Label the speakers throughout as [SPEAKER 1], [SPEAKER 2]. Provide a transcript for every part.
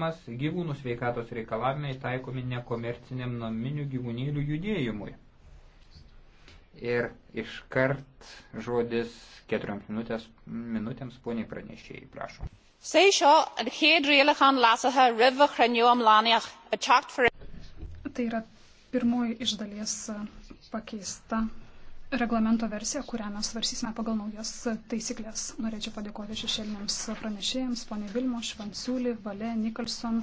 [SPEAKER 1] klausimas - gyvūnų sveikatos reikalavimai taikomi nekomerciniam naminių gyvūnėlių judėjimui. Ir iškart žodis keturioms minutės, minutėms poniai pranešėjai, prašom.
[SPEAKER 2] Tai yra pirmoji iš dalies pakeista reglamento versiją, kurią mes svarsysime pagal naujas taisyklės. Norėčiau padėkoti šešėliniams pranešėjams, ponė Vilmo, Švansiulį, Valė, Nikolson,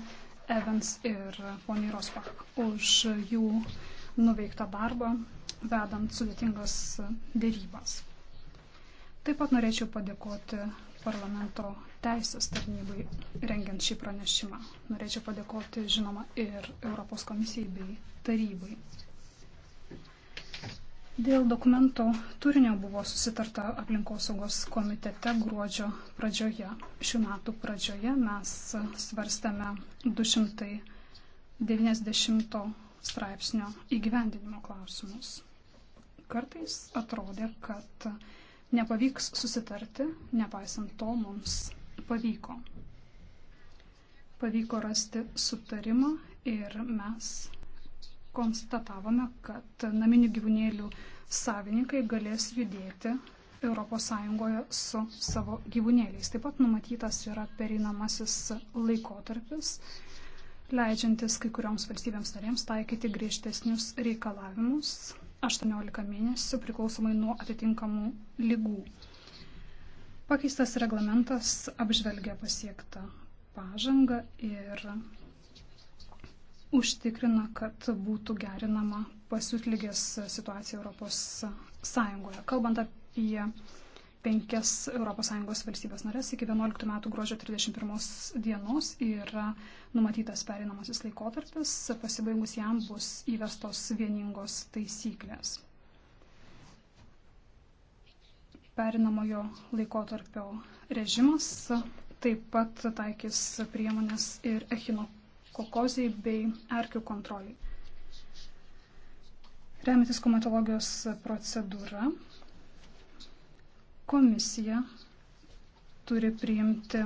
[SPEAKER 2] Evans ir ponė Rosbach už jų nuveiktą darbą, vedant sudėtingas dėrybas. Taip pat norėčiau padėkoti parlamento teisės tarnybai rengiant šį pranešimą. Norėčiau padėkoti, žinoma, ir Europos komisijai bei tarybai. Dėl dokumento turinio buvo susitarta aplinkosaugos komitete gruodžio pradžioje. Šių metų pradžioje mes svarstame 290 straipsnio įgyvendinimo klausimus. Kartais atrodė, kad nepavyks susitarti, nepaisant to mums pavyko. Pavyko rasti sutarimą ir mes konstatavome, kad naminių gyvūnėlių savininkai galės judėti ES su savo gyvūnėliais. Taip pat numatytas yra pereinamasis laikotarpis, leidžiantis kai kurioms valstybėms narėms taikyti griežtesnius reikalavimus 18 mėnesių priklausomai nuo atitinkamų lygų. Pakeistas reglamentas apžvelgia pasiektą pažangą ir užtikrina, kad būtų gerinama pasiutlygės situacija Europos Sąjungoje. Kalbant apie penkias ES valstybės narės, iki 11 metų gruodžio 31 dienos yra numatytas perinamasis laikotarpis, pasibaigus jam bus įvestos vieningos taisyklės. Perinamojo laikotarpio režimas taip pat taikys priemonės ir echinokokinės kokozijai bei erkių kontroliai. Remiantis komatologijos procedūra, komisija turi priimti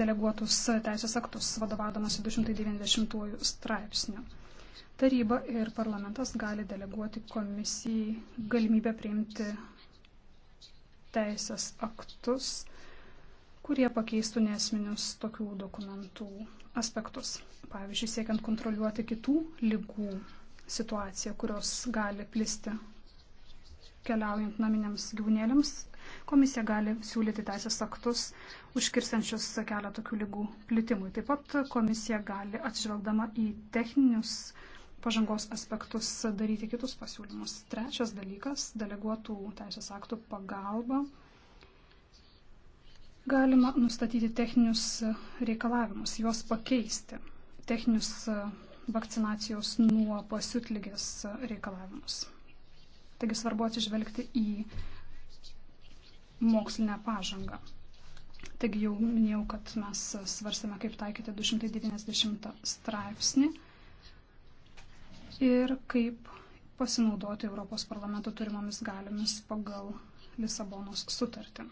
[SPEAKER 2] deleguotus teisės aktus vadovaudamas 290 straipsnių. Taryba ir parlamentas gali deleguoti komisijai galimybę priimti teisės aktus, kurie pakeistų nesminius tokių dokumentų aspektus. Pavyzdžiui, siekiant kontroliuoti kitų lygų situaciją, kurios gali plisti keliaujant naminiams gyvūnėliams, komisija gali siūlyti teisės aktus užkirstančius kelią tokių lygų plitimui. Taip pat komisija gali atsižvelgdama į techninius pažangos aspektus daryti kitus pasiūlymus. Trečias dalykas - deleguotų teisės aktų pagalba Galima nustatyti techninius e, reikalavimus, juos pakeisti. Techninius e, vakcinacijos nuo pasiutlygės e, reikalavimus. Taigi svarbu atsižvelgti į mokslinę pažangą. Taigi jau minėjau, kad mes svarstame, kaip taikyti 290 straipsnį ir kaip pasinaudoti Europos parlamento turimomis galimis pagal Lisabonos sutartį.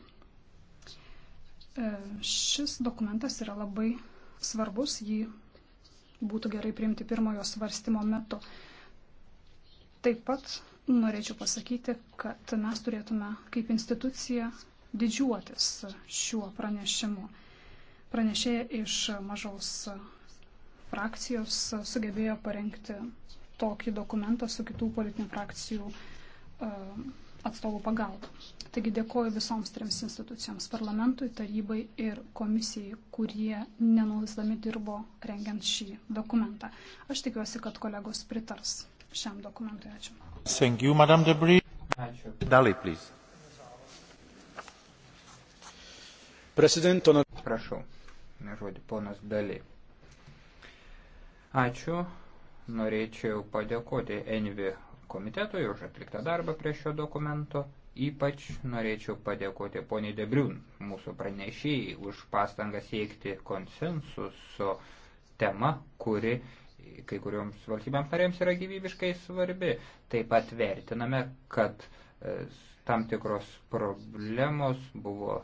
[SPEAKER 2] E, šis dokumentas yra labai svarbus, jį būtų gerai priimti pirmojo svarstymo metu. Taip pat norėčiau pasakyti, kad mes turėtume kaip institucija didžiuotis šiuo pranešimu. Pranešėja iš mažos frakcijos sugebėjo parengti tokį dokumentą su kitų politinių frakcijų uh, atstovų pagalba. Taigi dėkoju visoms trims institucijoms - parlamentui, tarybai ir komisijai, kurie nenulisdami dirbo rengiant šį dokumentą. Aš tikiuosi, kad kolegos pritars šiam dokumentui. Ačiū.
[SPEAKER 3] Thank you, Madam Debris. Ačiū. Dali, please.
[SPEAKER 1] Prezidento, prašau, žodį ponas Dali. Ačiū. Norėčiau padėkoti Envi komitetui už atliktą darbą prie šio dokumento. Ypač norėčiau padėkoti poniai Debriun, mūsų pranešėjai, už pastangą siekti konsensuso tema, kuri kai kurioms valstybėms narėms yra gyvybiškai svarbi. Taip pat vertiname, kad e, tam tikros problemos buvo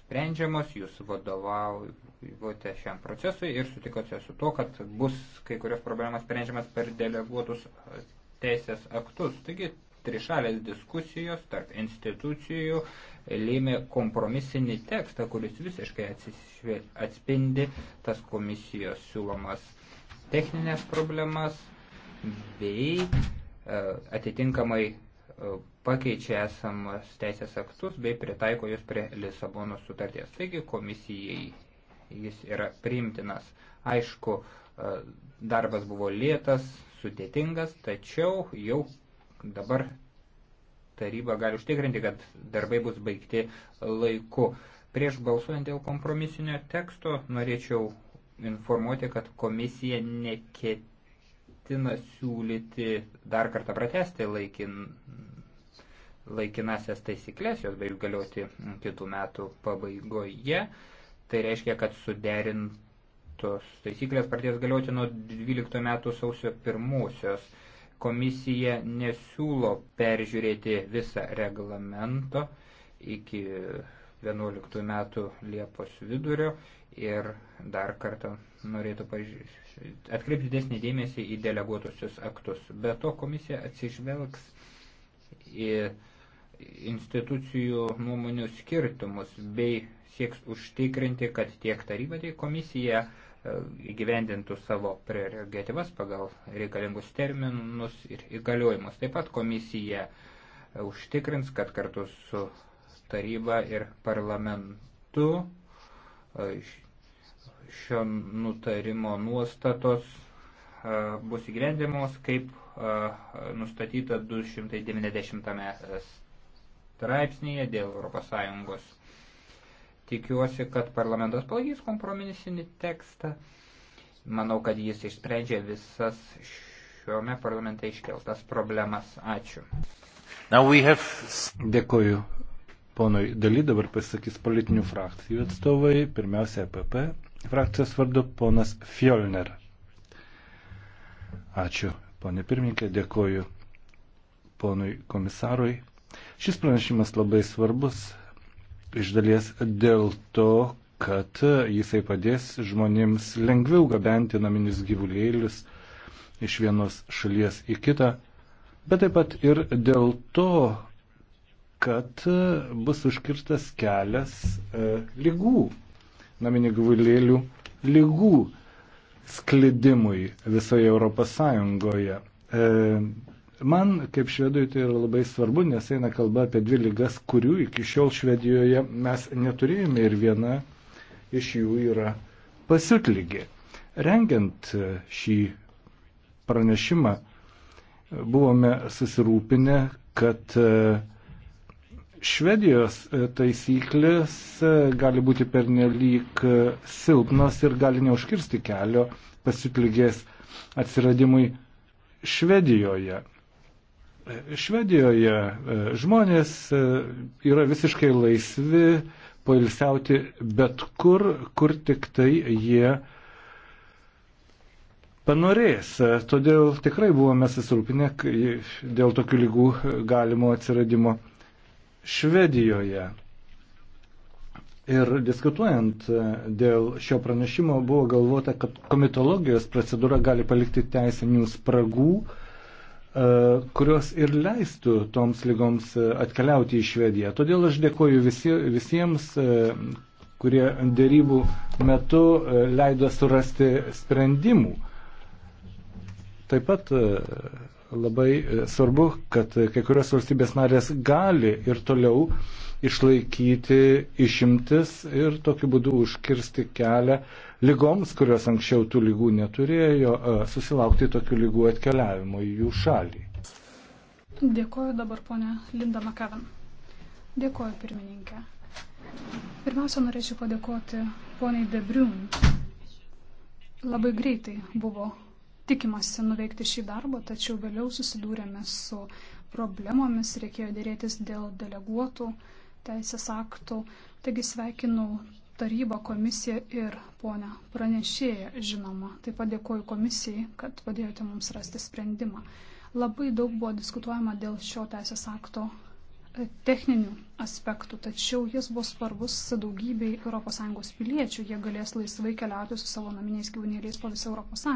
[SPEAKER 1] sprendžiamos, jūs vadovavote šiam procesui ir sutikote su to, kad bus kai kurios problemas sprendžiamas per deleguotus teisės aktus. Taigi trišalės diskusijos tarp institucijų lėmė kompromisinį tekstą, kuris visiškai atspindi tas komisijos siūlomas techninės problemas bei e, atitinkamai e, pakeičia esamas teisės aktus bei pritaiko jūs prie Lisabono sutarties. Taigi komisijai jis yra priimtinas. Aišku, e, darbas buvo lėtas, sudėtingas, tačiau jau dabar taryba gali užtikrinti, kad darbai bus baigti laiku. Prieš balsuojant dėl kompromisinio teksto norėčiau informuoti, kad komisija neketina siūlyti dar kartą pratesti laikin, laikinasias taisyklės, jos baigs galioti kitų metų pabaigoje. Tai reiškia, kad suderint tos taisyklės pradės galioti nuo 12 metų sausio pirmosios. Komisija nesiūlo peržiūrėti visą reglamento iki 11 metų Liepos vidurio ir dar kartą norėtų atkreipti didesnį dėmesį į deleguotusius aktus. Be to komisija atsižvelgs į institucijų nuomonių skirtumus bei sieks užtikrinti, kad tiek taryba, tiek komisija įgyvendintų savo prerogatyvas pagal reikalingus terminus ir įgaliojimus. Taip pat komisija e, užtikrins, kad kartu su taryba ir parlamentu e, šio nutarimo nuostatos e, bus įgyvendimos kaip nustatyta 290 straipsnėje dėl ES Tikiuosi, kad parlamentas palaikys kompromisinį tekstą. Manau, kad jis išsprendžia visas šiome parlamente iškeltas problemas. Ačiū.
[SPEAKER 3] Have... Dėkoju. Ponui daly dabar pasakys politinių frakcijų atstovai, pirmiausia EPP, frakcijos vardu ponas Fjolner. Ačiū, ponė pirmininkė, dėkoju ponui komisarui. Šis pranešimas labai svarbus, iš dalies dėl to, kad jisai padės žmonėms lengviau gabenti naminius gyvulėlius iš vienos šalies į kitą, bet taip pat ir dėl to, kad bus užkirstas kelias e, lygų, naminių gyvulėlių lygų sklidimui visoje Europos Sąjungoje. E, Man, kaip švedui, tai yra labai svarbu, nes eina kalba apie dvi lygas, kurių iki šiol Švedijoje mes neturėjome ir viena iš jų yra pasiutlygė. Rengiant šį pranešimą buvome susirūpinę, kad e, Švedijos e, taisyklės e, gali būti pernelyg silpnos ir gali neužkirsti kelio pasitlygės atsiradimui Švedijoje. Švedijoje e, žmonės e, yra visiškai laisvi poilsiauti bet kur, kur tik tai jie panorės. Todėl tikrai buvome susirūpinę dėl tokių lygų galimo atsiradimo Švedijoje. Ir diskutuojant e, dėl šio pranešimo buvo galvota, kad komitologijos procedūra gali palikti teisinių spragų, E, kurios ir leistų toms lygoms e, atkeliauti į Švediją. Todėl aš dėkoju visi, visiems, e, kurie dėrybų metu leido surasti sprendimų. Taip pat labai svarbu, kad kai kurios valstybės narės gali ir toliau išlaikyti išimtis ir tokiu būdu užkirsti kelią uh, lygoms, kurios anksčiau tų lygų neturėjo, e, susilaukti tokių lygų atkeliavimo į jų šalį.
[SPEAKER 2] Dėkoju dabar ponė Linda Makavan. Dėkoju pirmininkė. Pirmiausia, norėčiau padėkoti poniai Debriun. Labai greitai buvo tikimasi nuveikti šį darbą, tačiau vėliau susidūrėme su problemomis, reikėjo dėrėtis dėl deleguotų teisės aktų. Taigi sveikinu tarybą, komisiją ir ponę pranešėją, žinoma. Taip pat dėkoju komisijai, kad padėjote mums rasti sprendimą. Labai daug buvo diskutuojama dėl šio teisės akto e, techninių aspektų, tačiau jis bus svarbus daugybei ES piliečių. Jie galės laisvai keliauti su savo naminiais gyvūnėliais po visą ES.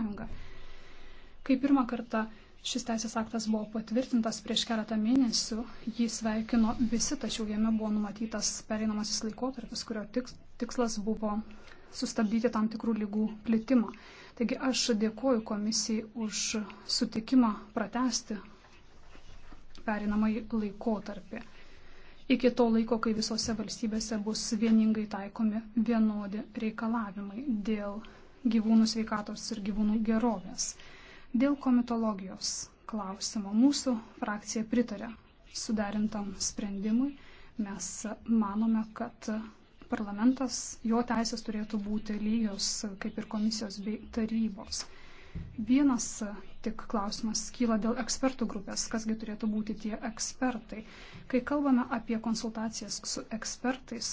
[SPEAKER 2] Kai pirmą kartą Šis teisės aktas buvo patvirtintas prieš keletą mėnesių, jį sveikino visi, tačiau jame buvo numatytas pereinamasis laikotarpis, kurio tikslas buvo sustabdyti tam tikrų lygų plitimą. Taigi aš dėkoju komisijai už sutikimą pratesti pereinamąjį laikotarpį. Iki to laiko, kai visose valstybėse bus vieningai taikomi vienodi reikalavimai dėl gyvūnų sveikatos ir gyvūnų gerovės. Dėl komitologijos klausimo mūsų frakcija pritarė suderintam sprendimui. Mes manome, kad parlamentas, jo teisės turėtų būti lygios kaip ir komisijos bei tarybos. Vienas tik klausimas kyla dėl ekspertų grupės, kasgi turėtų būti tie ekspertai. Kai kalbame apie konsultacijas su ekspertais,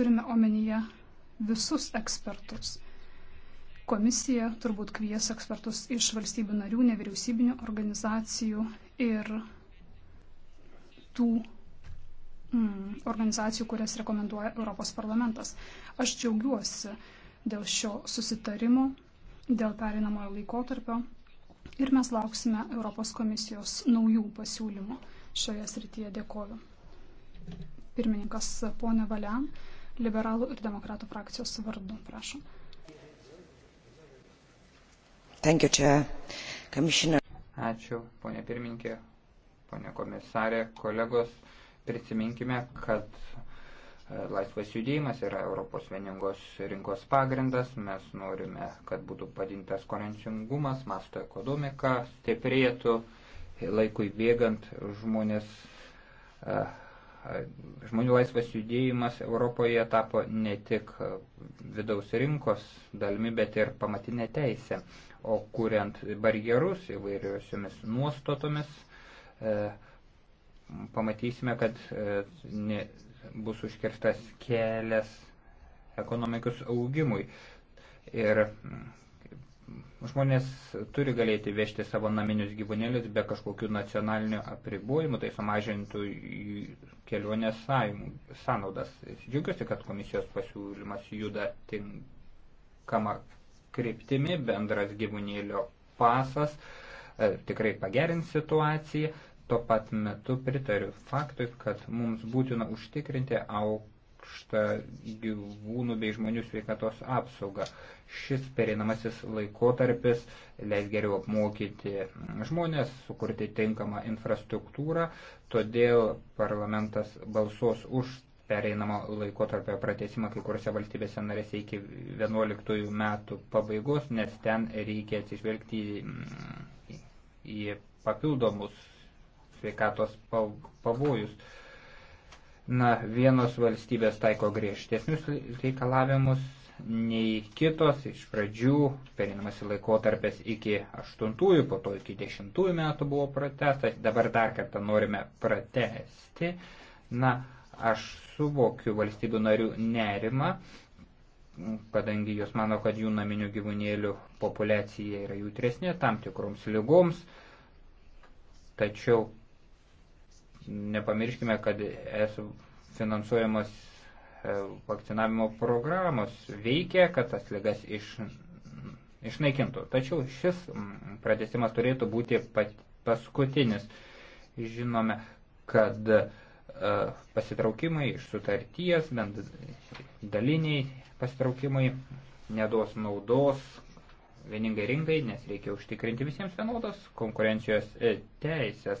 [SPEAKER 2] turime omenyje visus ekspertus. Komisija turbūt kvies ekspertus iš valstybių narių, nevyriausybinių organizacijų ir tų mm, organizacijų, kurias rekomenduoja Europos parlamentas. Aš džiaugiuosi dėl šio susitarimo, dėl perinamojo laikotarpio ir mes lauksime Europos komisijos naujų pasiūlymų šioje srityje. Dėkoju. Pirmininkas ponė Valian, liberalų ir demokratų frakcijos vardu, prašom.
[SPEAKER 1] Ačiū, ponė pirmininkė, ponė komisarė, kolegos. Prisiminkime, kad e, laisvas judėjimas yra Europos vieningos rinkos pagrindas. Mes norime, kad būtų padintas konkurencingumas, masto ekonomika, stiprėtų. Laikui bėgant žmonės uh, žmonių laisvas judėjimas Europoje tapo ne tik vidaus rinkos dalimi, bet ir pamatinė teisė. O kuriant barjerus įvairiosiomis nuostatomis, e, pamatysime, kad e, ne, bus užkirstas kelias ekonomikos augimui. Ir Žmonės turi galėti vežti savo naminius gyvūnėlius be kažkokių nacionalinių apribojimų, tai sumažintų kelionės sąnaudas. Džiugiuosi, kad komisijos pasiūlymas juda tinkama kryptimi, bendras gyvūnėlio pasas e, tikrai pagerins situaciją. Tuo pat metu pritariu faktui, kad mums būtina užtikrinti auk aukštą gyvūnų bei žmonių sveikatos apsaugą. Šis pereinamasis laikotarpis leis geriau apmokyti žmonės, sukurti tinkamą infrastruktūrą, todėl parlamentas balsuos už pereinamo laikotarpio pratesimą kai kuriuose valstybėse narėse iki 11 metų pabaigos, nes ten reikia atsižvelgti į, į papildomus sveikatos pavojus na, vienos valstybės taiko griežtesnius reikalavimus nei kitos. Iš pradžių perinamasi laikotarpis iki 8-ųjų, po to iki 10-ųjų metų buvo protestas, dabar dar kartą norime pratesti. Na, aš suvokiu valstybių narių nerimą, kadangi jos mano, kad jų naminių gyvūnėlių populiacija yra jautresnė tam tikroms lygoms. Tačiau nepamirškime, kad es finansuojamos e, vakcinavimo programos veikia, kad tas ligas iš, išnaikintų. Tačiau šis pratesimas turėtų būti paskutinis. Žinome, kad e, pasitraukimai iš sutarties, bent daliniai pasitraukimai neduos naudos vieningai rinkai, nes reikia užtikrinti visiems vienodos konkurencijos e, teisės.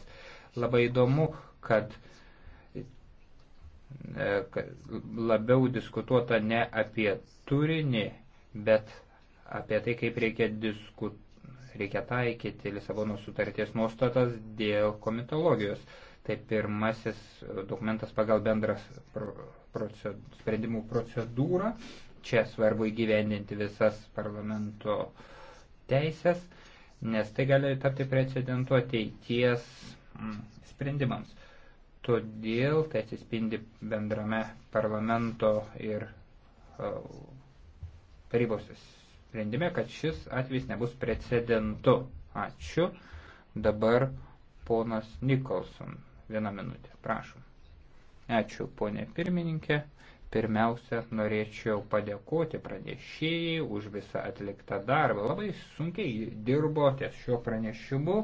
[SPEAKER 1] Labai įdomu, e, kad labiau diskutuota ne apie turinį, bet apie tai, kaip reikia, disku, reikia taikyti Lisabono sutarties nuostatas dėl komitologijos. Tai pirmasis dokumentas pagal bendras proced, sprendimų procedūrą. Čia svarbu įgyvendinti visas parlamento teisės, nes tai gali tapti precedentu ateities sprendimams. Todėl tai atsispindi bendrame parlamento ir e, tarybos sprendime, kad šis atvejs nebus precedentu. Ačiū. Dabar ponas Nikolson. Vieną minutę, prašom. Ačiū, ponė pirmininkė. Pirmiausia, norėčiau padėkoti pranešėjai už visą atliktą darbą. Labai sunkiai dirbo ties šiuo pranešimu.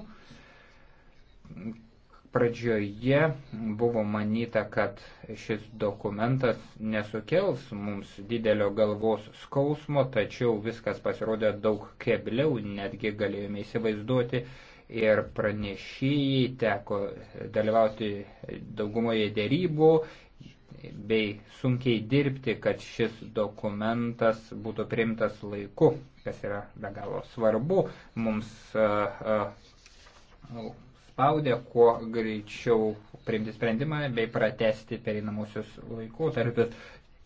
[SPEAKER 1] Pradžioje buvo manyta, kad šis dokumentas nesukels mums didelio galvos skausmo, tačiau viskas pasirodė daug kebliau, netgi galėjome įsivaizduoti ir pranešėjai teko dalyvauti daugumoje dėrybų bei sunkiai dirbti, kad šis dokumentas būtų priimtas laiku, kas yra be galo svarbu mums. Uh, uh, spaudė kuo greičiau priimti sprendimą bei pratesti pereinamosius laikotarpius.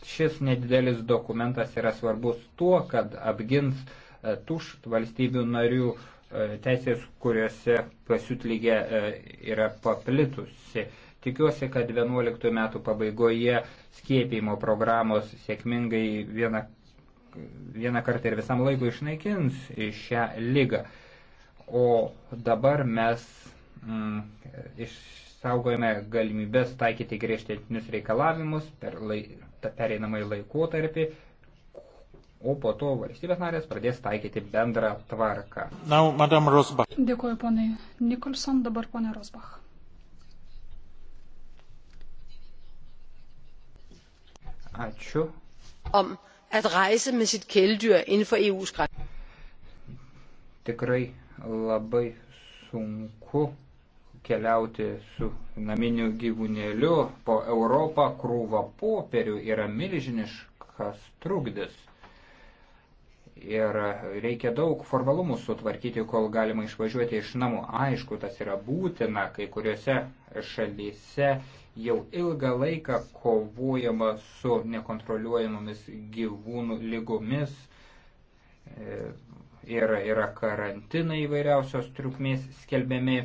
[SPEAKER 1] Šis nedidelis dokumentas yra svarbus tuo, kad apgins e, tų valstybių narių e, teisės, kuriuose pasiutlygė e, yra paplitusi. Tikiuosi, kad 11 metų pabaigoje skiepimo programos sėkmingai vieną, vieną kartą ir visam laikui išnaikins šią lygą. O dabar mes mm, išsaugojame galimybės taikyti griežtesnius reikalavimus per lai, pereinamąjį laikotarpį, o po to valstybės narės pradės taikyti bendrą tvarką. Now, Madam Rosbach.
[SPEAKER 2] Dėkuoju, ponai Nikolson, dabar ponė Rosbach. Ačiū. Om at reise med sit kæledyr inden for EU's grænser.
[SPEAKER 1] Tikrai labai sunku keliauti su naminiu gyvūnėliu po Europą krūva popierių yra milžiniškas trukdis. Ir reikia daug formalumų sutvarkyti, kol galima išvažiuoti iš namų. Aišku, tas yra būtina, kai kuriuose šalyse jau ilgą laiką kovojama su nekontroliuojamomis gyvūnų lygomis. Ir e, yra karantinai įvairiausios trukmės skelbiami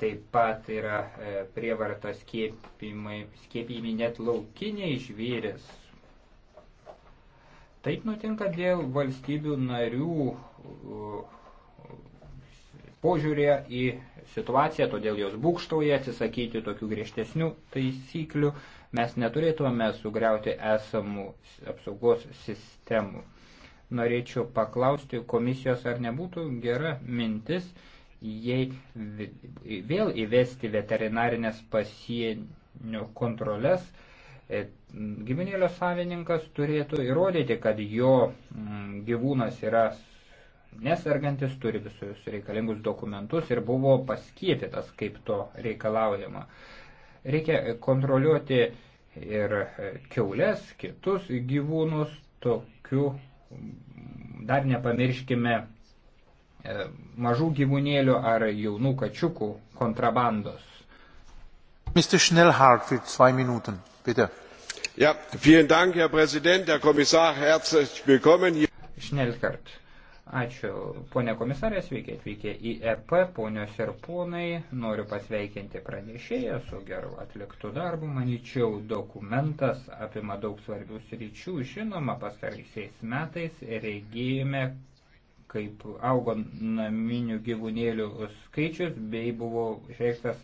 [SPEAKER 1] Taip pat yra e, prievarta skiepijami net laukiniai žvėris. Taip nutinka dėl valstybių narių požiūrė į situaciją, todėl jos būkštauja atsisakyti tokių griežtesnių taisyklių. Mes neturėtume sugriauti esamų apsaugos sistemų. Norėčiau paklausti komisijos, ar nebūtų gera mintis jei vėl įvesti veterinarinės pasienio kontrolės, e, gyvūnėlio savininkas turėtų įrodyti, kad jo mm, gyvūnas yra nesargantis, turi visus reikalingus dokumentus ir buvo paskėtytas, kaip to reikalaujama. Reikia kontroliuoti ir e, keulės, kitus gyvūnus, tokiu dar nepamirškime E, mažų gyvūnėlių ar jaunų kačiukų kontrabandos. Mr. Schnellhardt, für zwei Minuten, bitte.
[SPEAKER 3] Ja, vielen Dank, Herr Präsident, Herr Kommissar, herzlich willkommen hier. Schnellhardt.
[SPEAKER 1] Ačiū, ponė komisarė, sveiki atvykę į EP, ponios ir ponai, noriu pasveikinti pranešėją su geru atliktu darbu, manyčiau, dokumentas apima daug svarbių sričių, žinoma, pastaraisiais metais regėjome, kaip augo naminių gyvūnėlių skaičius, bei buvo išreikštas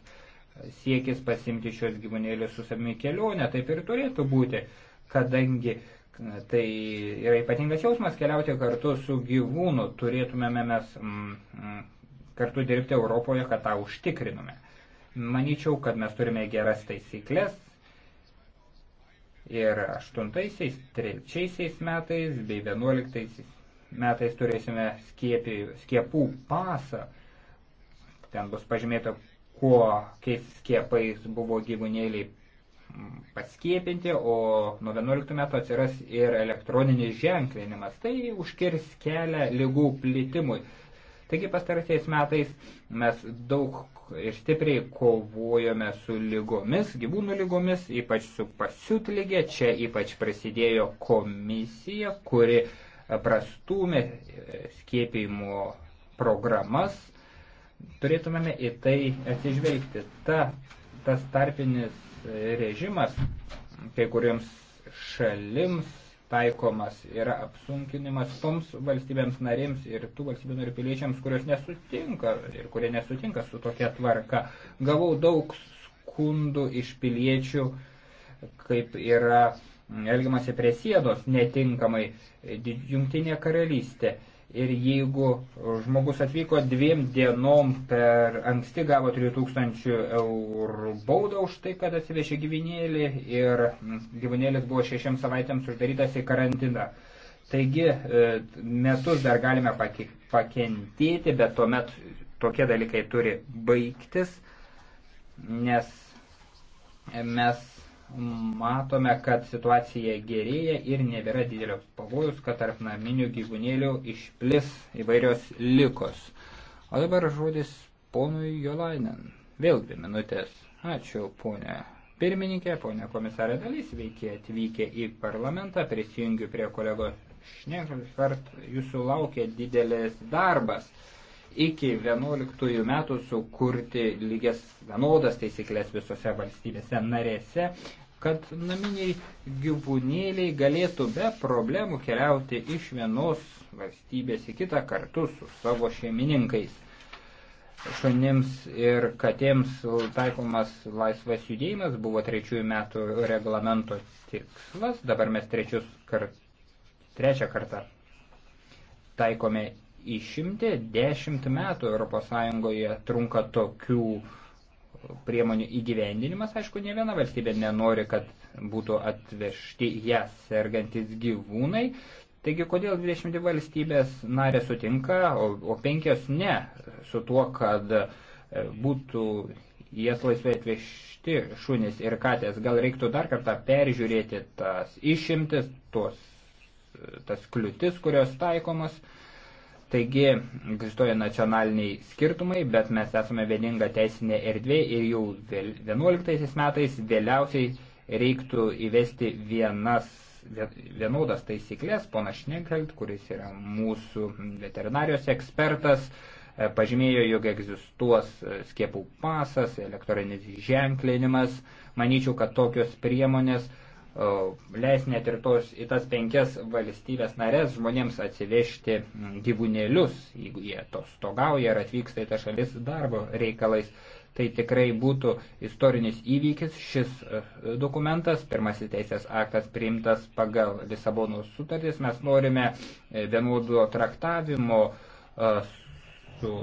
[SPEAKER 1] siekis pasimti šios gyvūnėlius su savimi kelionę. Taip ir turėtų būti, kadangi tai yra ypatingas jausmas keliauti kartu su gyvūnu. Turėtumėme mes mm, mm kartu dirbti Europoje, kad tą užtikrinume. Maničiau, kad mes turime geras taisyklės, ir 8-aisiais, 3-aisiais metais bei 11-aisiais metais turėsime skiepi, skiepų pasą. Ten bus pažymėta, kuo keis skiepais buvo gyvūnėliai paskiepinti, o nuo 11 metų atsiras ir elektroninis ženklinimas. Tai užkirs kelią lygų plitimui. Taigi pastaraisiais metais mes daug ir stipriai kovojome su lygomis, gyvūnų lygomis, ypač su pasiutlygė. Čia ypač prasidėjo komisija, kuri uh, prastumė e, skiepijimo programas, turėtumėme į tai atsižvelgti. Ta, tas tarpinis režimas kai kuriems šalims taikomas yra apsunkinimas toms valstybėms narėms ir tų valstybių narių piliečiams, kurios nesutinka ir kurie nesutinka su tokia tvarka. Gavau daug skundų iš piliečių, kaip yra elgiamasi prie sienos netinkamai jungtinė karalystė. Ir jeigu žmogus atvyko dviem dienom per anksti, gavo 3000 eurų baudą už tai, kad atsivežė gyvinėlį ir gyvinėlis buvo šešiams savaitėms uždarytas į karantiną. Taigi e, metus dar galime pakentėti, bet tuomet tokie dalykai turi baigtis, nes mes matome, kad situacija gerėja ir nebėra didelio pavojus, kad tarp naminių gyvūnėlių išplis įvairios likos. O dabar žodis ponui Jolainen. Vėl dvi minutės. Ačiū, ponė pirmininkė, ponė komisarė dalys, veikia atvykę į parlamentą, prisijungiu prie kolegos Šnekalfert, jūsų laukia didelis darbas iki 11 metų sukurti lygias vienodas taisyklės visose valstybėse narėse kad naminiai gyvūnėliai galėtų be problemų keliauti iš vienos valstybės į kitą kartu su savo šeimininkais. Šunims ir katėms taikomas laisvas judėjimas buvo trečiųjų metų reglamento tikslas, dabar mes trečius kart, trečią kartą taikome išimti, dešimt metų ES trunka tokių uh, priemonių įgyvendinimas. Aišku, ne viena valstybė nenori, kad būtų atvežti ją sergantis gyvūnai. Taigi, kodėl 20 valstybės narė sutinka, o, o 5 ne, su tuo, kad e, būtų jas laisvai atvežti šunys ir katės. Gal reiktų dar kartą peržiūrėti tas išimtis, tuos, tas kliūtis, kurios taikomas. Uh, Taigi egzistuoja nacionaliniai skirtumai, bet mes esame vieninga teisinė erdvė ir jau 11 metais vėliausiai reiktų įvesti vienas vienodas taisyklės, ponas Šnenkelt, kuris yra mūsų veterinarijos ekspertas, e, pažymėjo, jog egzistuos e, skiepų pasas, elektroninis ženklinimas. Manyčiau, kad tokios priemonės leis net ir tos, į tas penkias valstybės narės žmonėms atsivežti gyvūnėlius, jeigu jie to stogauja ir atvyksta į tą šalis darbo reikalais. Tai tikrai būtų istorinis įvykis šis e, dokumentas, pirmasis teisės aktas priimtas pagal Lisabonos sutartys. Mes norime e, vienodo traktavimo e, su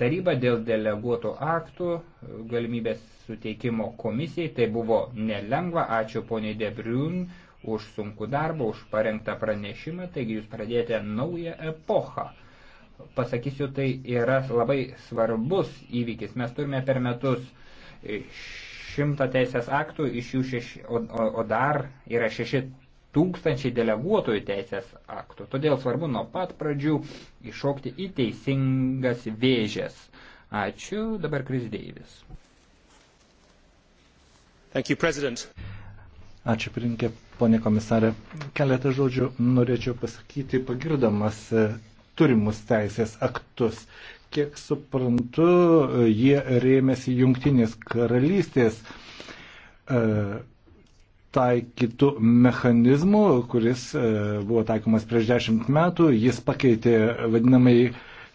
[SPEAKER 1] Taryba dėl deleguotų aktų galimybės suteikimo komisijai tai buvo nelengva. Ačiū poniai Debriun už sunkų darbą, už parengtą pranešimą. Taigi jūs pradėjote naują epochą. Pasakysiu, tai yra labai svarbus įvykis. Mes turime per metus šimtą teisės aktų, iš jų šeši, o, o, o dar yra šeši tūkstančiai deleguotojų teisės aktų. Todėl svarbu nuo pat pradžių iššokti į teisingas vėžės. Ačiū, dabar Kris Deivis.
[SPEAKER 3] Ačiū, pirinkė, ponė komisarė. Keletą žodžių norėčiau pasakyti, pagirdamas e, turimus teisės aktus. Kiek suprantu, e, jie rėmėsi jungtinės karalystės e, taikytų mechanizmų, kuris e, buvo taikomas prieš dešimt metų. Jis pakeitė vadinamai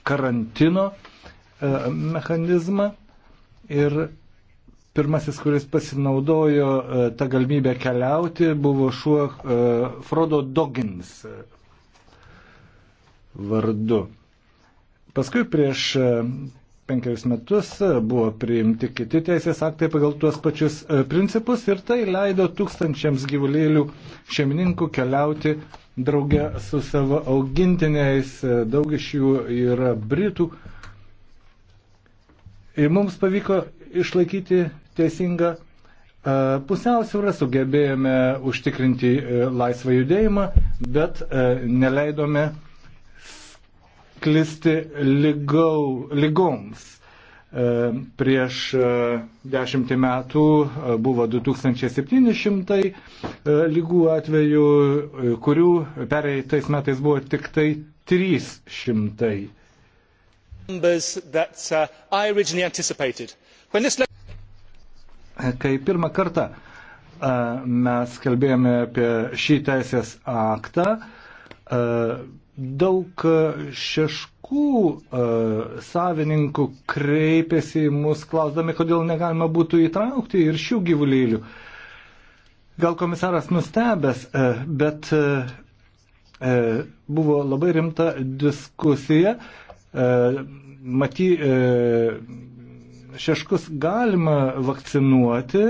[SPEAKER 3] karantino e, mechanizmą. Ir pirmasis, kuris pasinaudojo e, tą galimybę keliauti, buvo šuo Frodo Doggins vardu. Paskui prieš penkerius metus e, buvo priimti kiti teisės aktai pagal tuos pačius e, principus ir tai leido tūkstančiams gyvulėlių šeimininkų keliauti drauge su savo augintiniais. E, daug iš jų yra Britų. Ir mums pavyko išlaikyti teisingą pusiausvyrą, sugebėjome užtikrinti laisvą judėjimą, bet neleidome klisti lygau, lygoms. E, prieš e, dešimtį metų e, buvo 2700 lygų atvejų, kurių pereitais metais buvo tik tai 300. Uh, Kai pirmą kartą mes kalbėjome apie šį teisės aktą, daug e, šeškų e, savininkų kreipėsi į mus, klausdami, kodėl negalima būtų įtraukti ir šių gyvulėlių. Gal komisaras nustebęs, e, bet buvo labai rimta diskusija. Maty, šeškus galima vakcinuoti,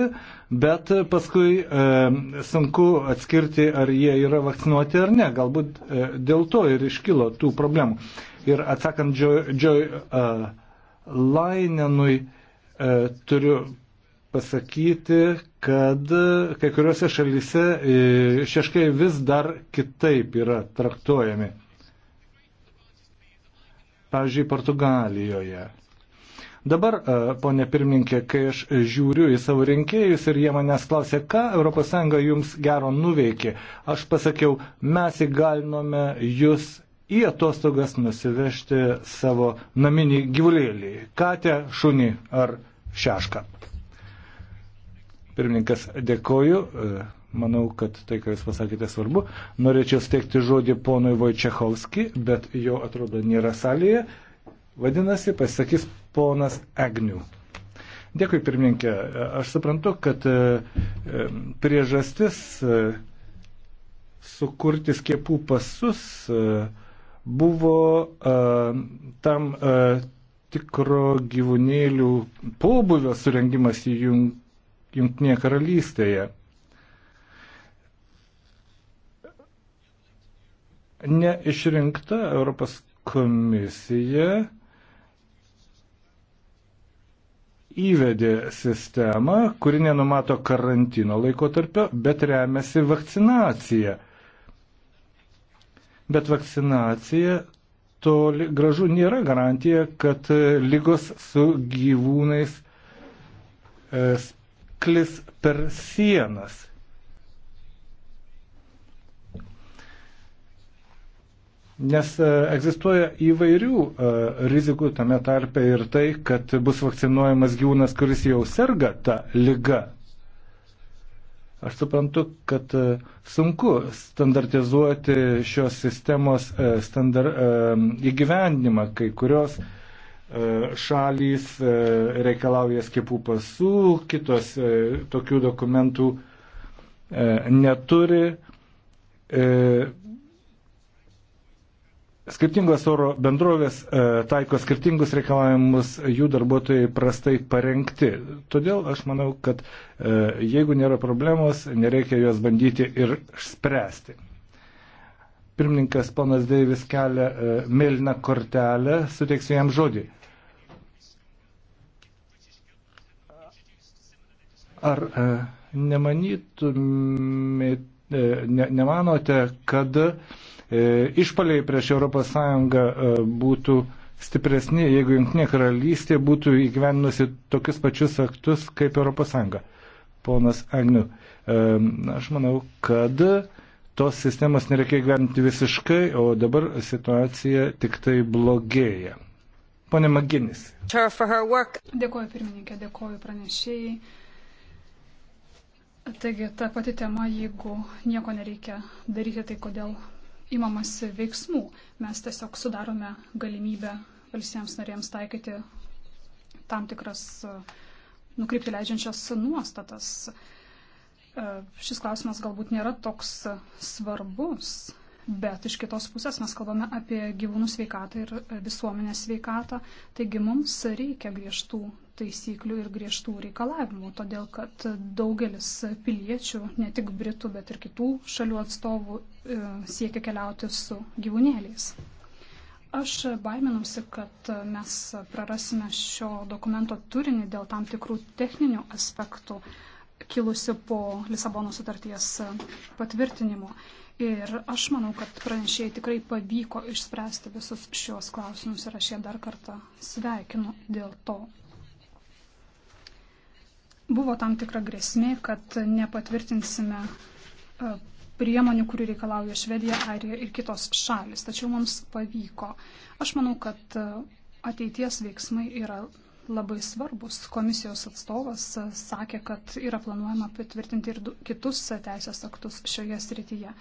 [SPEAKER 3] bet paskui e, sunku atskirti, ar jie yra vakcinuoti ar ne. Galbūt e, dėl to ir iškilo tų problemų. Ir atsakant Džioj e, Lainenui, e, turiu pasakyti, kad e, kai kuriuose šalyse e, šeškai vis dar kitaip yra traktuojami. Pavyzdžiui, Portugalijoje Dabar, e, ponė pirmininkė, kai aš žiūriu į savo rinkėjus ir jie manęs klausė, ką ES jums gero nuveikė, aš pasakiau, mes įgalinome jūs į atostogas nusivežti savo naminį gyvulėlį, katę, šunį ar šešką. Pirmininkas, dėkoju. E, manau, kad tai, ką Jūs pasakėte, svarbu. Norėčiau steigti žodį ponui Vojčiachovski, bet jo atrodo nėra salėje. Vadinasi, pasakys ponas Agnių. Dėkui, pirmininkė. Aš suprantu, kad e, e, priežastis e, sukurti skiepų pasus buvo tam tikro gyvūnėlių pobuvio surengimas į Junktinėje karalystėje. Neišrinkta Europos komisija įvedė sistemą, kuri nenumato karantino laikotarpio, bet remiasi vakcinacija. Bet vakcinacija toli gražu nėra garantija, kad lygos su gyvūnais e, klis per sienas. Nes e, egzistuoja įvairių e, rizikų tame tarpe ir tai, kad bus vakcinuojamas gyvūnas, kuris jau serga tą lygą. Aš suprantu, kad e, sunku standartizuoti šios sistemos standar, įgyvendinimą, kai kurios šalys reikalauja skiepų pasų, kitos tokių dokumentų neturi Skirtingos oro bendrovės e, taiko skirtingus reikalavimus, jų darbuotojai prastai parengti. Todėl aš manau, kad e, jeigu nėra problemos, nereikia juos bandyti ir spręsti. Pirmininkas ponas Deivis kelia e, mėlyną kortelę, suteiksiu jam žodį. Ar nemanytumėte, ne, nemanote, kad uh, E, išpaliai prieš ES e, būtų stipresni, jeigu Junktinė karalystė būtų įgyveninusi tokius pačius aktus kaip ES. Ponas Agniu, e, aš manau, kad tos sistemos nereikia įgyveninti visiškai, o dabar situacija tik tai blogėja. Pone Maginis.
[SPEAKER 2] Dėkuoju pirmininkė, dėkuoju pranešėjai. Taigi, ta pati tema, jeigu nieko nereikia daryti, tai kodėl imamasi veiksmų. Mes tiesiog sudarome galimybę valstybėms narėms taikyti tam tikras e, nukrypti leidžiančias nuostatas. E, šis klausimas galbūt nėra toks svarbus, bet iš kitos pusės mes kalbame apie gyvūnų sveikatą ir e, visuomenės sveikatą, taigi mums reikia griežtų taisyklių ir griežtų reikalavimų, todėl kad daugelis piliečių, ne tik Britų, bet ir kitų šalių atstovų e, siekia keliauti su gyvūnėliais. Aš baiminusi, kad mes prarasime šio dokumento turinį dėl tam tikrų techninių aspektų kilusių po Lisabono sutarties patvirtinimo. Ir aš manau, kad pranešėjai tikrai pavyko išspręsti visus šios klausimus ir aš jie dar kartą sveikinu dėl to. Buvo tam tikra grėsmė, kad nepatvirtinsime e, priemonių, kurių reikalauja Švedija, Airija ir kitos šalis. Tačiau mums pavyko. Aš manau, kad e, ateities veiksmai yra labai svarbus. Komisijos atstovas e, sakė, kad yra planuojama patvirtinti ir kitus teisės aktus šioje srityje.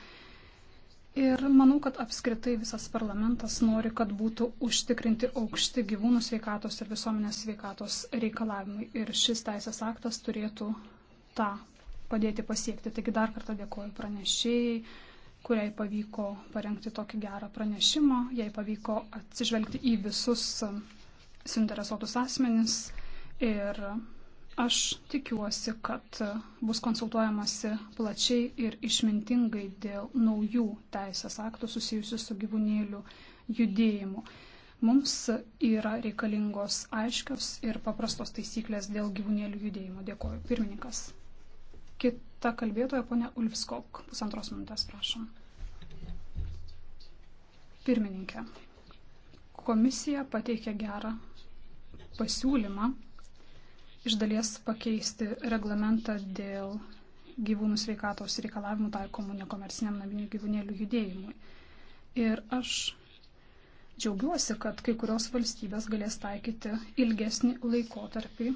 [SPEAKER 2] Ir manau, kad apskritai visas parlamentas nori, kad būtų užtikrinti aukšti gyvūnų sveikatos ir visuomenės sveikatos reikalavimai. Ir šis teisės aktas turėtų tą padėti pasiekti. Taigi dar kartą dėkoju pranešėjai, kuriai pavyko parengti tokį gerą pranešimą, jai pavyko atsižvelgti į visus suinteresuotus asmenis ir Aš tikiuosi, kad bus konsultuojamasi plačiai ir išmintingai dėl naujų teisės aktų susijusių su gyvūnėlių judėjimu. Mums yra reikalingos aiškios ir paprastos taisyklės dėl gyvūnėlių judėjimo. Dėkoju. Pirmininkas. Kita kalbėtoja, ponia Ulfskok. Pusantros minutės, prašom. Pirmininkė. Komisija pateikė gerą pasiūlymą iš dalies pakeisti reglamentą dėl gyvūnų sveikatos reikalavimų taikomų nekomerciniam naminių gyvūnėlių judėjimui. Ir aš džiaugiuosi, kad kai kurios valstybės galės taikyti ilgesnį laikotarpį,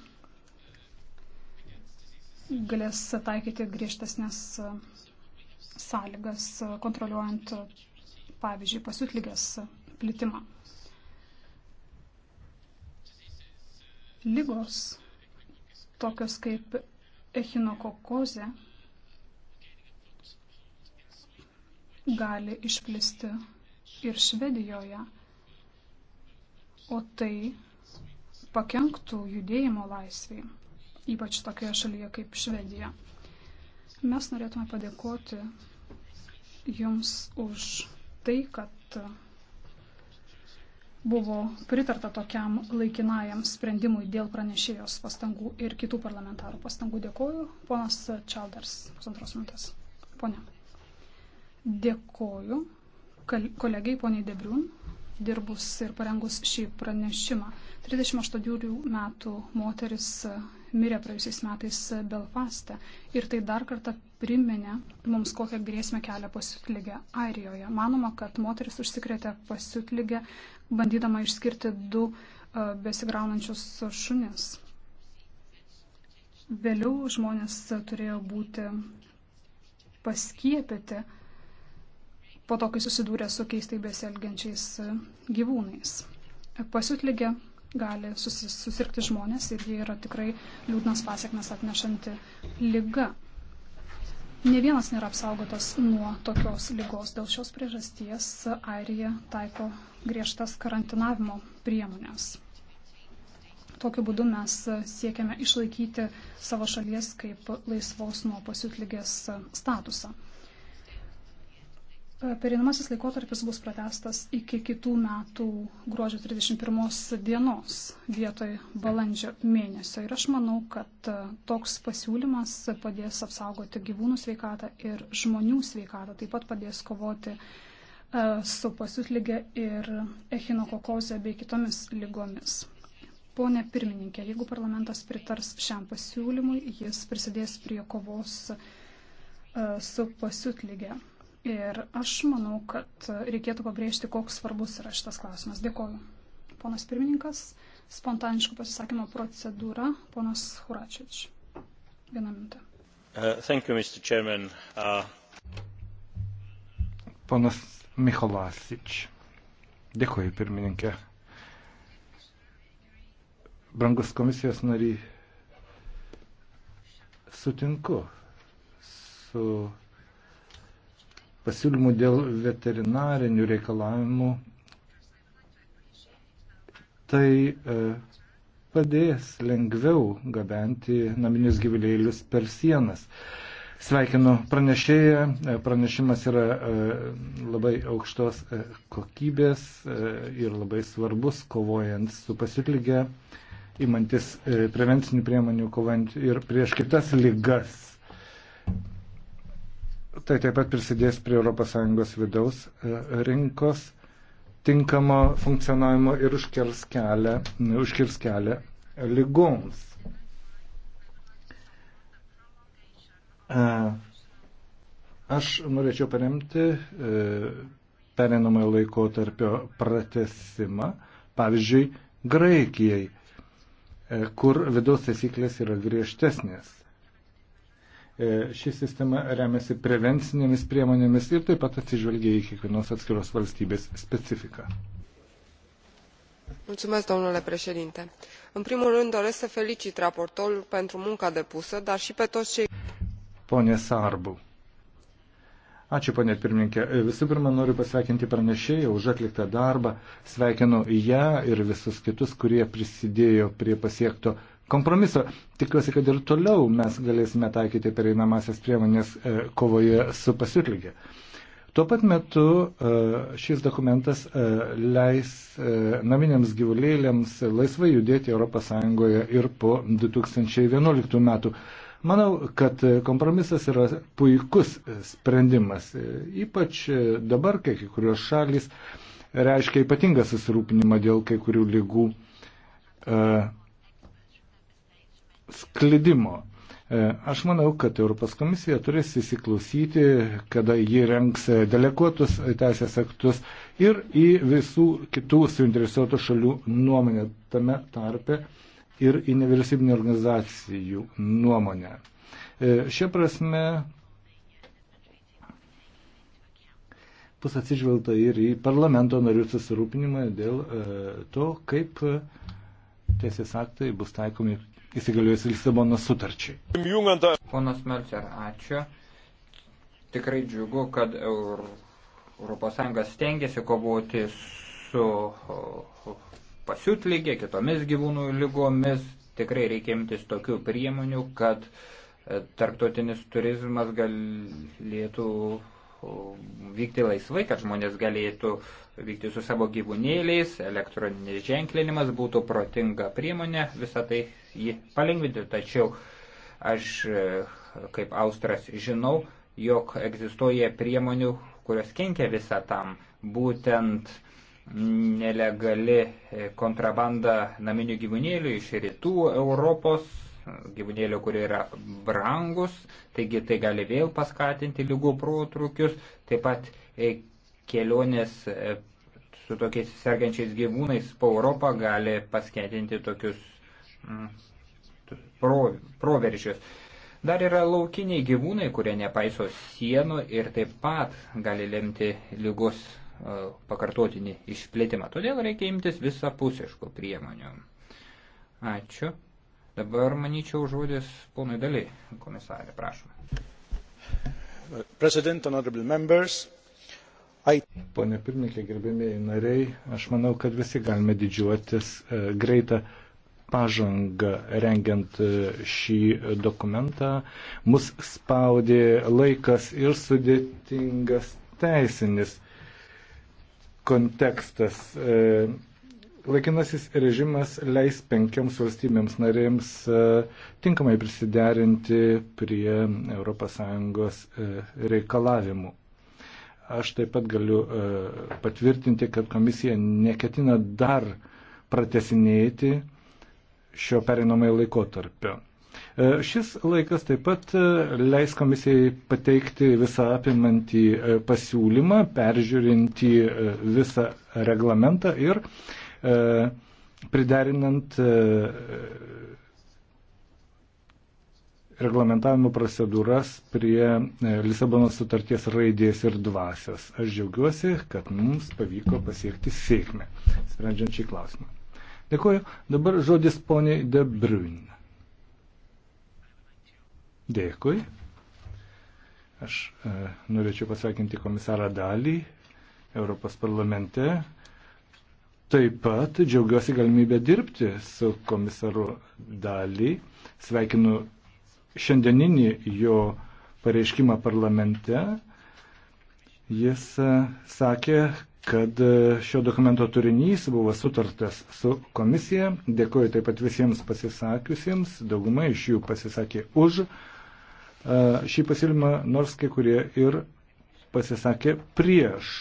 [SPEAKER 2] galės taikyti griežtesnės sąlygas kontroliuojant, pavyzdžiui, pasiutlygės plitimą. Lygos tokios kaip echinokokozė, gali išplisti ir Švedijoje, o tai pakenktų judėjimo laisvai, ypač tokioje šalyje kaip Švedija. Mes norėtume padėkoti Jums už tai, kad buvo pritarta tokiam laikinajam sprendimui dėl pranešėjos pastangų ir kitų parlamentarų pastangų. Dėkoju. Ponas Čalders, pusantros minutės. Pone. Dėkoju kolegai, poniai Debriun, dirbus ir parengus šį pranešimą. 38 metų moteris mirė praėjusiais metais Belfaste. Ir tai dar kartą priminė mums, kokią grėsmę kelia pasiutlygė Airijoje. Manoma, kad moteris užsikrėtė pasiutlygę, bandydama išskirti du e, besigraunančius šunis. Vėliau žmonės turėjo būti paskiepyti po to, kai susidūrė su keistai besielgiančiais gyvūnais. Pasiutlygė gali susirgti žmonės ir jie yra tikrai liūdnas pasiekmes atnešanti lyga. Ne vienas nėra apsaugotas nuo tokios lygos. Dėl šios priežasties Airija taiko griežtas karantinavimo priemonės. Tokiu būdu mes siekiame išlaikyti savo šalies kaip laisvos nuo pasiutlygės statusą. Perinamasis laikotarpis bus pratestas iki kitų metų gruodžio 31 dienos vietoj balandžio mėnesio. Ir aš manau, kad e, toks pasiūlymas padės apsaugoti gyvūnų sveikatą ir žmonių sveikatą, taip pat padės kovoti e, su pasiutlyge ir echinokokoze bei kitomis lygomis. Pone pirmininkė, jeigu parlamentas pritars šiam pasiūlymui, jis prisidės prie kovos e, su pasiutlyge. Ir aš manau, kad reikėtų pabrėžti, koks svarbus yra šitas klausimas. Dėkoju. Ponas pirmininkas, spontaniškų pasisakymo procedūra, ponas Huračič. Vieną minutę.
[SPEAKER 1] Uh, thank you, Mr. Chairman. Uh...
[SPEAKER 3] Ponas Micholasič. Dėkoju, pirmininkė. Brangus komisijos nariai, sutinku su pasiūlymų dėl veterinarinių reikalavimų, tai e, padės lengviau gabenti naminius gyvulėlius per sienas. Sveikinu pranešėją, e, pranešimas yra e, labai aukštos kokybės ir labai svarbus kovojant su pasitlygė, imantis prevencinių priemonių kovant ir prieš kitas lygas. Tai taip pat prisidės prie ES vidaus e, rinkos tinkamo funkcionavimo ir užkirs kelią, užkirs kelią lygoms. E, aš norėčiau paremti e, perinamojo laikotarpio pratesimą, pavyzdžiui, Graikijai, kur vidaus taisyklės yra griežtesnės. E, ši sistema remiasi prevencinėmis priemonėmis ir taip pat atsižvelgia į kiekvienos atskiros valstybės specifiką.
[SPEAKER 2] În primul rând doresc să felicit raportorul pentru munca depusă, dar și pe toți cei.
[SPEAKER 3] Pone Sarbu. Ačiū, ponė pirmininkė. E, visų pirma, noriu pasveikinti pranešėją už atliktą darbą. Sveikinu ją ir visus kitus, kurie prisidėjo prie pasiekto uh, kompromiso. Tikiuosi, kad ir toliau mes galėsime taikyti pereinamasias priemonės e, kovoje su pasiutlygė. Tuo pat metu e, šis dokumentas e, leis naminiams gyvulėliams laisvai judėti ES ir po 2011 metų. Manau, kad kompromisas yra puikus sprendimas, ypač dabar, kai kai kurios šalis reiškia ypatingą susirūpinimą dėl kai kurių lygų sklidimo. E, aš manau, kad Europos komisija turės įsiklausyti, kada ji renks e, deleguotus teisės aktus ir į visų kitų suinteresuotų šalių nuomonę, tame tarpe ir į nevyriausybinio organizacijų nuomonę. E, šia prasme bus atsižvelgta ir į parlamento narių susirūpinimą dėl to, kaip teisės aktai bus taikomi įsigaliojus Lisabonos sutarčiai.
[SPEAKER 1] Ponas Melcer, ačiū. Tikrai džiugu, kad ES stengiasi kovoti su pasiutlygė, kitomis gyvūnų lygomis. Tikrai reikia imtis tokių priemonių, kad e, tarptautinis turizmas galėtų vykti laisvai, kad žmonės galėtų vykti su savo gyvūnėliais, elektroninis ženklinimas būtų protinga priemonė, visą tai jį palengvinti. Tačiau aš kaip Austras žinau, jog egzistuoja priemonių, kurios kenkia visą tam. Būtent nelegali kontrabanda naminių gyvūnėlių iš rytų Europos gyvūnėlių, kurie yra brangus, taigi tai gali vėl paskatinti lygų protrukius, taip pat e, kelionės e, su tokiais sergančiais gyvūnais po Europą gali paskatinti tokius mm, pro, proveržius. Dar yra laukiniai gyvūnai, kurie nepaiso sienų ir taip pat gali lemti lygus e, pakartotinį išplėtimą. Todėl reikia imtis visapusiškų priemonių. Ačiū. Dabar, manyčiau, žodis ponui daliai, komisarė, prašom.
[SPEAKER 3] President, honorable members, Pone pirmininkė, gerbėmėjai nariai, aš manau, kad visi galime didžiuotis e, greitą pažangą rengiant e, šį dokumentą. Mus spaudė laikas ir sudėtingas teisinis kontekstas. E, Laikinasis režimas leis penkiams valstybėms narėms e, tinkamai prisiderinti prie ES e, reikalavimų. Aš taip pat galiu e, patvirtinti, kad komisija neketina dar pratesinėti šio pereinamai laikotarpio. Šis laikas taip pat leis komisijai pateikti visą apimantį pasiūlymą, peržiūrinti visą reglamentą ir uh, priderinant reglamentavimo procedūras prie Lisabonos sutarties raidės ir dvasios. Aš džiaugiuosi, kad mums pavyko pasiekti sėkmę, sprendžiant šį klausimą. Dėkuoju. Dabar žodis poniai De Bruin. Dėkui. Aš e, norėčiau pasveikinti komisarą Dalį Europos parlamente. Taip pat džiaugiuosi galimybę dirbti su komisaru Dali. Sveikinu šiandieninį jo pareiškimą parlamente. Jis e, sakė, kad e, šio dokumento turinys buvo sutartas su komisija. Dėkuoju taip pat visiems pasisakiusiems. Dauguma iš jų pasisakė už e, šį pasiūlymą, nors kai kurie ir pasisakė prieš.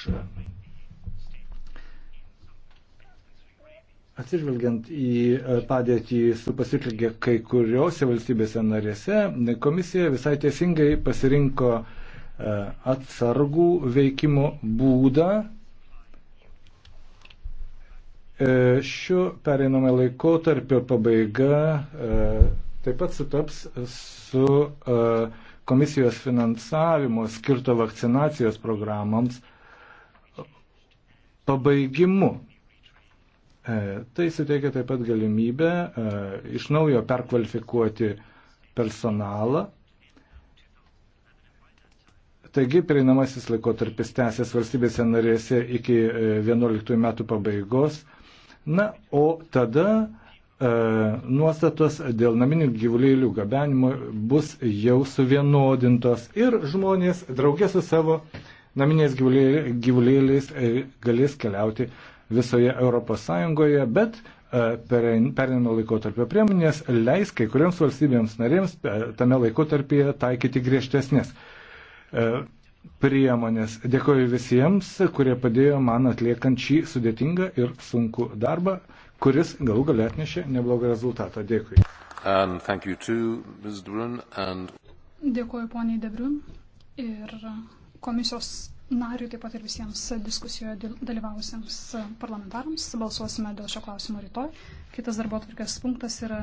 [SPEAKER 3] Atsižvelgiant į e, padėtį su pasitlikė kai kuriuose valstybėse narėse, komisija visai tiesingai pasirinko e, atsargų veikimo būdą. E, šiuo pereinamą laikotarpio pabaiga taip pat sutaps su komisijos finansavimo skirto vakcinacijos programams pabaigimu. E, tai suteikia taip pat galimybę e, iš naujo perkvalifikuoti personalą. Taigi prieinamasis laikotarpis tęsės valstybėse narėse iki 11 e, metų pabaigos. Na, o tada nuostatos dėl naminių gyvulėlių gabenimo bus jau suvienodintos ir žmonės draugė su savo naminiais gyvulėliais galės keliauti visoje ES, bet e, perinimo laikotarpio priemonės leis kai kuriams valstybėms narėms e, tame laikotarpyje taikyti griežtesnės e, priemonės. Dėkoju visiems, kurie padėjo man atliekant šį sudėtingą ir sunkų darbą, kuris galų galę atnešė neblogą rezultatą. Dėkui.
[SPEAKER 1] Too,
[SPEAKER 2] Brun, and... Dėkoju poniai Debriun ir komisijos nariui, taip pat ir visiems diskusijoje dalyvausiams e, parlamentarams. Balsuosime dėl šio klausimo rytoj. Kitas darbo atvarkės punktas yra.